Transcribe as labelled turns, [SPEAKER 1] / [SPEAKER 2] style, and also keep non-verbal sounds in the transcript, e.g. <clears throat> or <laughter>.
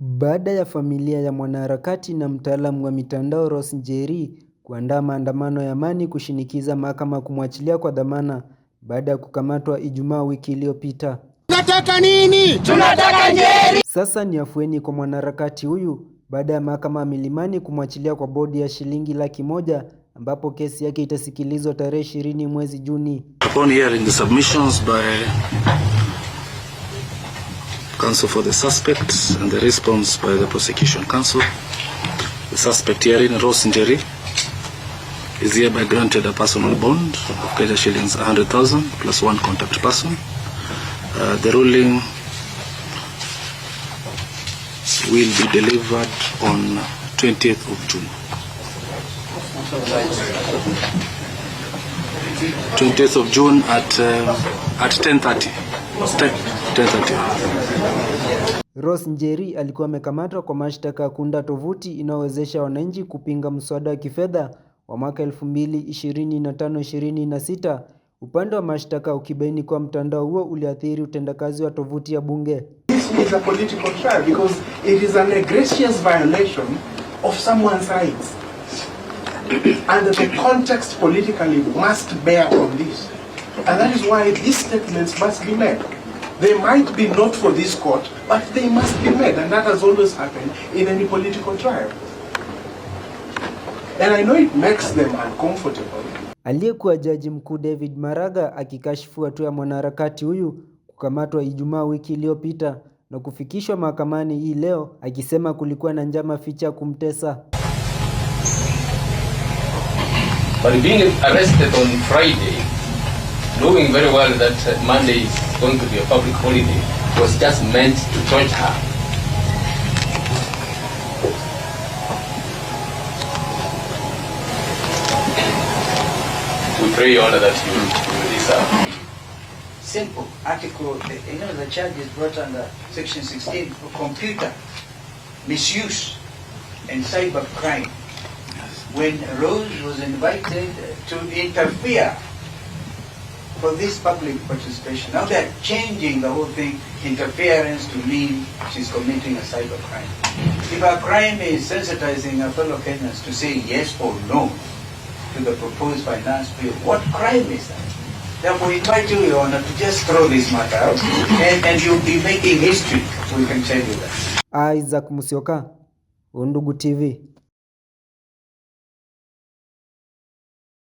[SPEAKER 1] Baada ya familia ya mwanaharakati na mtaalamu wa mitandao Rose Njeri kuandaa maandamano ya amani kushinikiza mahakama kumwachilia kwa dhamana baada ya kukamatwa Ijumaa wiki iliyopita.
[SPEAKER 2] Tunataka nini? Tunataka Njeri!
[SPEAKER 1] Sasa ni afueni kwa mwanaharakati huyu baada ya mahakama ya Milimani kumwachilia kwa bodi ya shilingi laki moja ambapo kesi yake itasikilizwa tarehe 20 mwezi Juni.
[SPEAKER 3] Upon hearing the submissions by counsel for the suspect and the response by the prosecution counsel. The suspect herein, Rose Njeri, is hereby granted a personal bond of Kenya shillings 100,000 plus one contact person. Uh, the ruling will be delivered on 20th of June. 20th of June at uh, at 10:30. representative.
[SPEAKER 1] Rose Njeri alikuwa amekamatwa kwa mashtaka ya kuunda tovuti inayowezesha wananchi kupinga mswada wa kifedha wa mwaka 2025-2026, upande wa mashtaka ukibaini kuwa mtandao huo uliathiri utendakazi wa tovuti ya bunge.
[SPEAKER 4] This <clears throat> They might be not for this court, but they must be made, and that has always happened in any political trial. And I know it makes them uncomfortable.
[SPEAKER 1] Aliyekuwa jaji mkuu David Maraga akikashifu hatua ya mwanaharakati huyu kukamatwa Ijumaa wiki iliyopita na kufikishwa mahakamani hii leo, akisema kulikuwa na njama ficha kumtesa.
[SPEAKER 5] But being arrested on Friday knowing very well that uh, Monday is going to be a public holiday, was just meant to torture her. We pray, Your Honor, that you will release her. Uh,
[SPEAKER 6] Simple article, you know, the charge is brought under Section 16 for computer misuse and cyber crime. When Rose was invited to interfere for this public participation. Now they're changing the whole thing, interference to mean she's committing a cyber crime. If her crime is sensitizing her fellow Kenyans to say yes or no to the proposed finance bill, what crime is that? Therefore, we invite you, Your Honor, to just throw this matter out and, and you'll be making history. We can tell you that.
[SPEAKER 1] Isaac Musioka, Undugu TV.